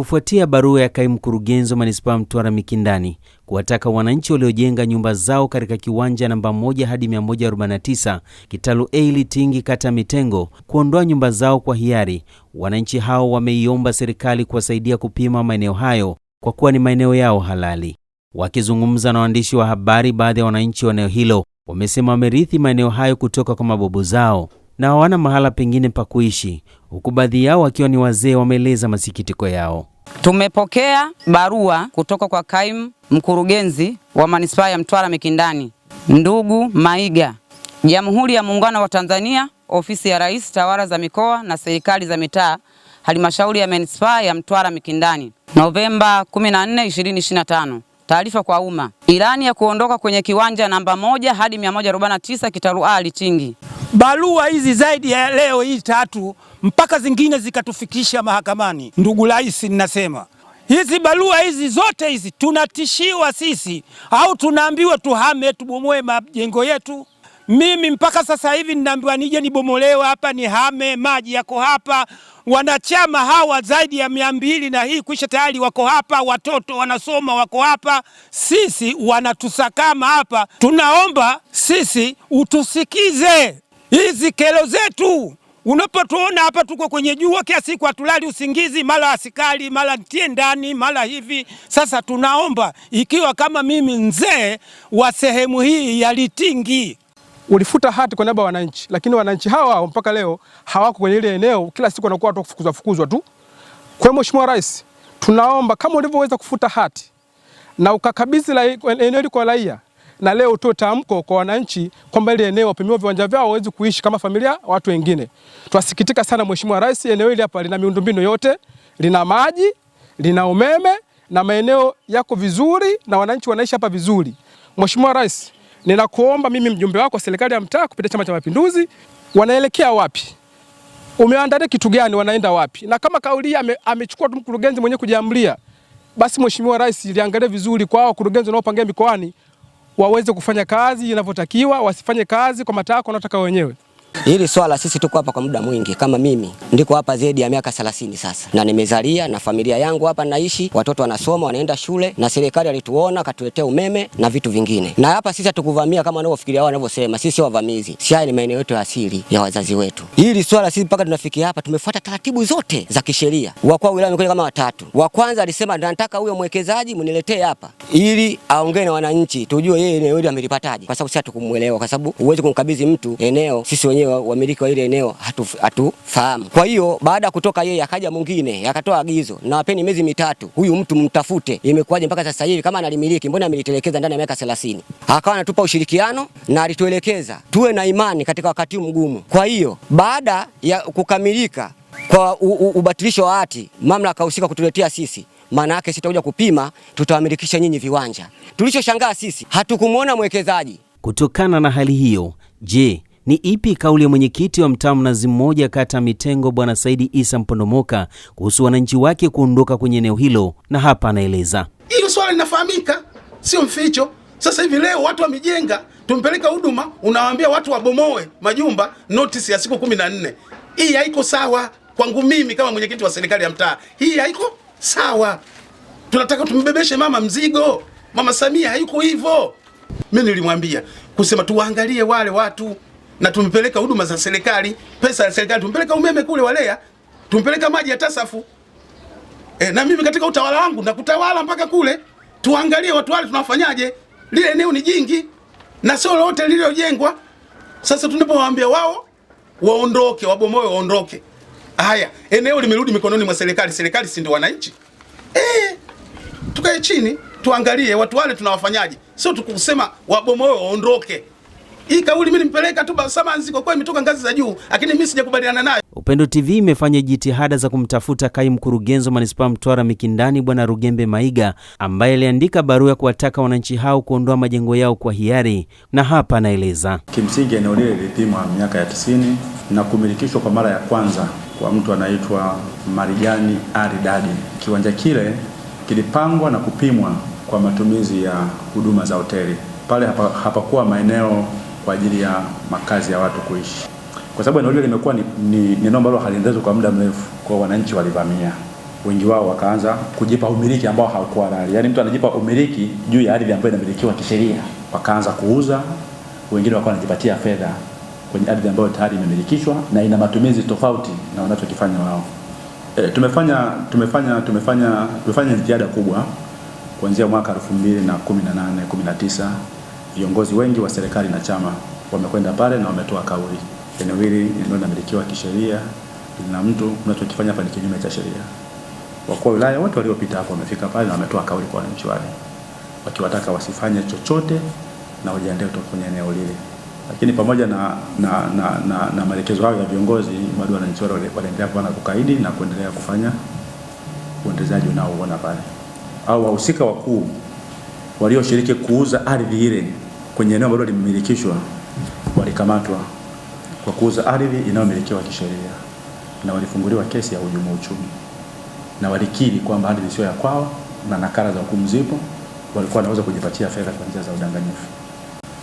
kufuatia barua ya kaimu mkurugenzi wa manispaa Mtwara Mikindani kuwataka wananchi waliojenga nyumba zao katika kiwanja namba 1 hadi 149 kitalu A Litingi, kata Mitengo, kuondoa nyumba zao kwa hiari. Wananchi hao wameiomba serikali kuwasaidia kupima maeneo hayo kwa kuwa ni maeneo yao halali. Wakizungumza na waandishi wa habari, baadhi ya wananchi wa eneo hilo wamesema wamerithi maeneo hayo kutoka kwa mababu zao na hawana mahala pengine pa kuishi, huku baadhi yao wakiwa ni wazee wameeleza masikitiko yao. Tumepokea barua kutoka kwa kaimu mkurugenzi wa manispaa ya Mtwara Mikindani, ndugu Maiga, Jamhuri ya Muungano wa Tanzania, Ofisi ya Rais, Tawala za Mikoa na Serikali za Mitaa, Halmashauri ya Manispaa ya Mtwara Mikindani, Novemba 14, 2025. Taarifa kwa umma. Ilani ya kuondoka kwenye kiwanja namba moja hadi 149 Kitaruali Chingi barua hizi zaidi ya leo hii tatu mpaka zingine zikatufikisha mahakamani. Ndugu Rais, ninasema hizi barua hizi zote hizi tunatishiwa sisi au tunaambiwa tuhame, tubomoe majengo yetu. Mimi mpaka sasa hivi ninaambiwa nije nibomolewe hapa, nihame, maji yako hapa, wanachama hawa zaidi ya mia mbili na hii kwisha tayari wako hapa, watoto wanasoma wako hapa, sisi wanatusakama hapa. Tunaomba sisi utusikize. Hizi kero zetu unapotuona hapa, tuko kwenye jua kila siku, hatulali usingizi, mara askari, mara ntie ndani, mara hivi. Sasa tunaomba ikiwa kama mimi mzee wa sehemu hii ya Litingi ulifuta hati kwa niaba ya wananchi, lakini wananchi hawa mpaka leo hawako kwenye ile eneo, kila siku wanakuwa watu kufukuzwa fukuzwa tu. Kwa Mheshimiwa Rais, tunaomba kama ulivyoweza kufuta hati na ukakabidhi eneo hili kwa raia na leo utoe tamko kwa wananchi kwamba ile eneo wapimiwa viwanja vyao waweze kuishi kama familia watu wengine. Tunasikitika sana Mheshimiwa Rais, eneo hili hapa lina miundombinu yote, lina maji, lina umeme na maeneo yako vizuri na wananchi wanaishi hapa vizuri. Mheshimiwa Rais, ninakuomba mimi mjumbe wako serikali ya mtaa kupitia Chama cha Mapinduzi, wanaelekea wapi? Umeandaa kitu gani? Wanaenda wapi? Na kama kauli ame, amechukua tu mkurugenzi mwenyewe kujiamlia, basi Mheshimiwa Rais liangalie vizuri kwa hao wakurugenzi wanaopangia mikoani waweze kufanya kazi inavyotakiwa, wasifanye kazi kwa matakwa wanaotaka wenyewe. Hili swala sisi tuko hapa kwa muda mwingi, kama mimi ndiko hapa zaidi ya miaka 30 sasa, na nimezalia na familia yangu hapa naishi, watoto wanasoma wanaenda shule, na serikali alituona akatuletea umeme na vitu vingine. Na hapa sisi hatukuvamia kama wanavyofikiria wao wanavyosema, sisi sio wavamizi, si haya ni maeneo yetu ya asili ya wazazi wetu. Hili swala sisi mpaka tunafikia hapa tumefuata taratibu zote za kisheria. Wakuu wa wilaya kama watatu, wa kwanza alisema nataka huyo mwekezaji mniletee hapa ili aongee na wananchi, tujue yeye eneo hili amelipataje, kwa sababu sisi hatukumuelewa, kwa sababu huwezi kumkabidhi mtu eneo sisi wenyewe wenyewe wamiliki wa ile eneo hatufahamu hatu. Kwa hiyo baada ya kutoka yeye akaja mwingine akatoa agizo, na wapeni miezi mitatu, huyu mtu mtafute. Imekuwaje mpaka sasa hivi kama analimiliki, mbona amelitelekeza ndani ya miaka 30? Akawa anatupa ushirikiano na alituelekeza tuwe na imani katika wakati mgumu. Kwa hiyo baada ya kukamilika kwa ubatilisho wa hati, mamlaka husika kutuletea sisi maana yake sisi tutakuja kupima, tutawamilikisha nyinyi viwanja. Tulichoshangaa sisi hatukumwona mwekezaji. Kutokana na hali hiyo, je, ni ipi kauli ya mwenyekiti wa mtaa Mnazi Mmoja kata Mitengo Bwana Saidi Isa Mpondomoka kuhusu wananchi wake kuondoka kwenye eneo hilo, na hapa anaeleza. Hilo swala linafahamika, sio mficho. Sasa hivi leo watu wamejenga, tumpeleka huduma, unawaambia watu wabomoe majumba, notisi ya siku kumi na nne. Hii haiko sawa kwangu mimi kama mwenyekiti wa serikali ya mtaa, hii haiko sawa. Tunataka tumbebeshe mama mzigo. Mama Samia hayuko hivyo. Mi nilimwambia kusema tuwaangalie wale watu na tumepeleka huduma za serikali, pesa ya serikali, tumepeleka umeme kule Walea, tumepeleka maji ya Tasafu. E, na mimi katika utawala wangu na kutawala mpaka kule, tuangalie watu wale tunafanyaje. Lile eneo ni jingi na sio lolote lililojengwa. Sasa tunapowaambia wao waondoke, wabomoe, waondoke, haya eneo limerudi mikononi mwa serikali. Serikali si ndio wananchi? E, tukae chini tuangalie watu wale tunawafanyaje, sio tukusema wabomoe, waondoke. Hii kauli mimi nimpeleka tu Basamanzi kwa imetoka ngazi za juu, lakini mimi sijakubaliana nayo. Upendo TV imefanya jitihada za kumtafuta kaimu mkurugenzi wa manispaa Mtwara Mikindani Bwana Rugembe Maiga ambaye aliandika barua ya kuwataka wananchi hao kuondoa majengo yao kwa hiari, na hapa anaeleza. Kimsingi eneo lile lilipimwa miaka ya tisini na kumilikishwa kwa mara ya kwanza kwa mtu anaitwa Marijani Aridadi. Kiwanja kile kilipangwa na kupimwa kwa matumizi ya huduma za hoteli pale, hapakuwa hapa maeneo kwa ajili ya makazi ya watu kuishi, kwa sababu eneo hilo limekuwa ni ni, neno ambalo haliendelezwa kwa muda mrefu. Kwa wananchi walivamia, wengi wao wakaanza kujipa umiliki ambao haukuwa halali, yaani mtu anajipa umiliki juu ya ardhi ambayo inamilikiwa kisheria, wakaanza kuuza, wengine wakawa wanajipatia fedha kwenye ardhi ambayo tayari imemilikishwa na ina matumizi tofauti na wanachokifanya wao. E, tumefanya tumefanya tumefanya tumefanya jitihada kubwa kuanzia mwaka 2018 19 viongozi wengi wa serikali na chama wamekwenda pale na wametoa kauli, eneo hili ndio linamilikiwa kisheria, lina mtu, mnachokifanya hapa ni kinyume cha sheria. Wakuu wa wilaya wote waliopita hapo wamefika pale na wametoa kauli kwa wananchi wale, wakiwataka wasifanye chochote na wajiandae kutoka kwenye eneo lile. Lakini pamoja na na, na, na, na maelekezo hayo ya viongozi, bado wananchi wale waliendelea kuwa kukaidi na kuendelea kufanya uendelezaji unaoona pale au wahusika wakuu walioshiriki kuuza ardhi ile kwenye eneo ambalo limemilikishwa walikamatwa kwa kuuza ardhi inayomilikiwa kisheria na walifunguliwa kesi ya hujuma uchumi, na walikiri kwamba ardhi sio ya kwao na nakala za hukumu zipo. Walikuwa wanaweza kujipatia fedha kwa njia za udanganyifu.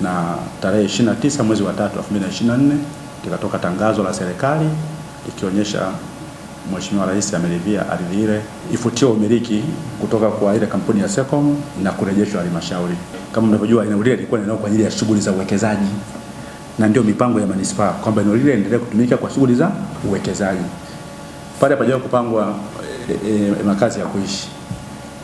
Na tarehe 29 mwezi wa 3 2024 likatoka tangazo la serikali likionyesha Mheshimiwa Rais ameridhia ardhi ile ifutiwe umiliki kutoka kwa ile kampuni ya Secom na kurejeshwa halmashauri. Kama mnavyojua, eneo lile lilikuwa eneo kwa ajili ya shughuli za uwekezaji na ndio mipango ya manispaa kwamba eneo lile endelee kutumika kwa shughuli za uwekezaji. Pale hapajawahi kupangwa e, e, makazi ya kuishi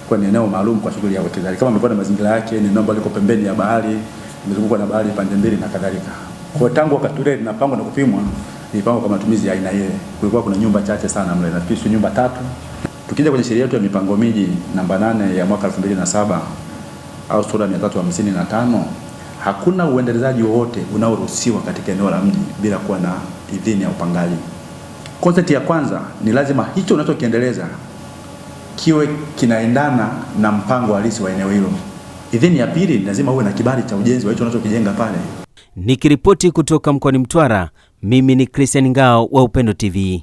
kwa ni eneo maalum kwa shughuli ya uwekezaji. Kama mlikuwa mazingira yake, ni eneo ambalo liko pembeni ya bahari, imezungukwa na bahari pande mbili na kadhalika. Kwa tangu wakati ule linapangwa na kupimwa ilipangwa kwa matumizi ya aina ile. Kulikuwa kuna nyumba chache sana mle, nafikiri sio nyumba tatu. Tukija kwenye sheria yetu ya mipango miji namba nane ya mwaka 2007 au sura 355 hakuna uendelezaji wowote unaoruhusiwa katika eneo la mji bila kuwa na idhini ya upangaji. Concept ya kwanza ni lazima hicho unachokiendeleza kiwe kinaendana na mpango halisi wa eneo hilo. Idhini ya pili lazima uwe na kibali cha ujenzi wa hicho unachokijenga pale. Nikiripoti kutoka mkoani Mtwara, mimi ni Christian Ngao wa Upendo TV.